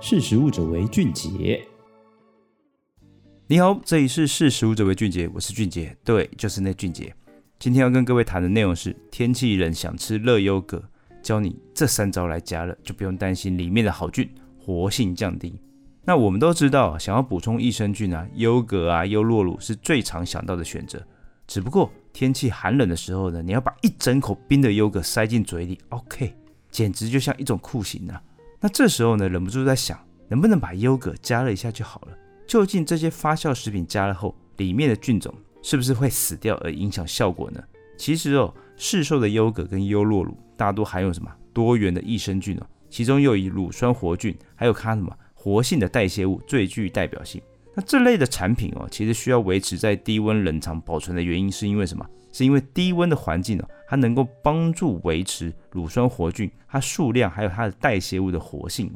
識食物者為俊傑。你好，這裡是識食物者為俊傑，我是俊傑，對，就是那俊傑。今天要跟各位談的內容是天氣冷，想吃熱優格，教你這三招來加熱，就不用擔心裡面的好菌活性降低。那我們都知道，想要補充益生菌啊，優格啊、優酪乳是最常想到的選擇。只不過天氣寒冷的時候呢，你要把一整口冰的優格塞進嘴裡，OK，簡直就像一種酷刑啊！那這時候呢，忍不住在想，能不能把優格加熱一下就好了？究竟這些發酵食品加熱後，裡面的菌種是不是會死掉而影響效果呢？其實哦，市售的優格跟優酪乳，大多含有什麼？多元的益生菌哦，其中又以乳酸活菌，還有它什麼？活性的代謝物最具代表性。那這類的產品哦，其實需要維持在低溫冷藏保存的原因，是因為什麼？是因為低溫的環境呢，它能夠幫助維持乳酸活菌它數量，還有它的代謝物的活性。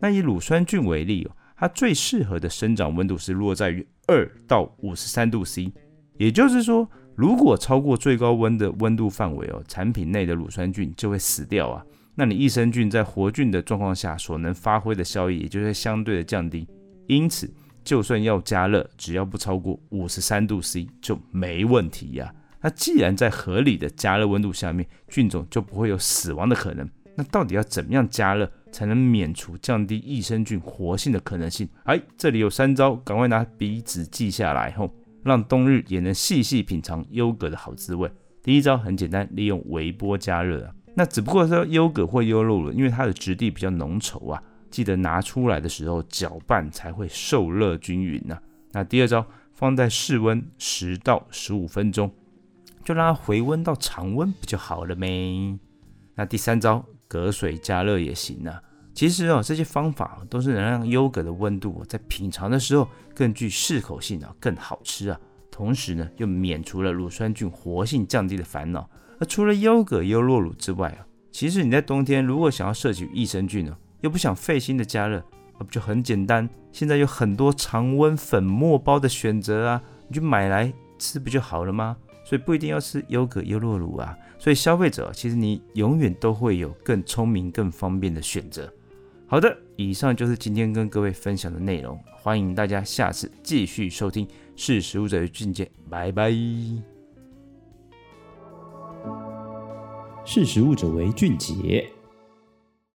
那以乳酸菌為例，它最適合的生長溫度是落在於二到五十三度 C。也就是說，如果超過最高溫的溫度範圍哦，產品內的乳酸菌就會死掉啊。那你益生菌在活菌的狀況下所能發揮的效益，也就會相對的降低。因此，就算要加熱，只要不超過五十三度 C，就沒問題呀、啊。那既然在合理的加熱溫度下面，菌種就不會有死亡的可能。那到底要怎麼樣加熱才能免除降低益生菌活性的可能性？哎，這裡有三招，趕快拿筆紙記下來，吼，讓冬日也能細細品嚐優格的好滋味。第一招很簡單，利用微波加熱啊。那只不過說優格或優酪乳，因為它的質地比較濃稠啊，記得拿出來的時候攪拌才會受熱均勻吶、啊。那第二招，放在室溫十到十五分鐘。就讓它回溫到常溫不就好了咩？那第三招隔水加熱也行呢、啊。其實哦，這些方法都是能讓優格的溫度在品嘗的時候更具適口性啊，更好吃啊。同時呢，又免除了乳酸菌活性降低的煩惱。那除了優格、優酪乳之外啊，其實你在冬天如果想要攝取益生菌呢，又不想費心的加熱，那不就很簡單？現在有很多常溫粉末包的選擇啊，你就買來吃不就好了嗎？所以不一定要吃優格、優酪乳啊。所以消費者其實你永遠都會有更聰明、更方便的選擇。好的，以上就是今天跟各位分享的內容。歡迎大家下次繼續收聽。識食物者為俊傑，拜拜。識食物者為俊傑。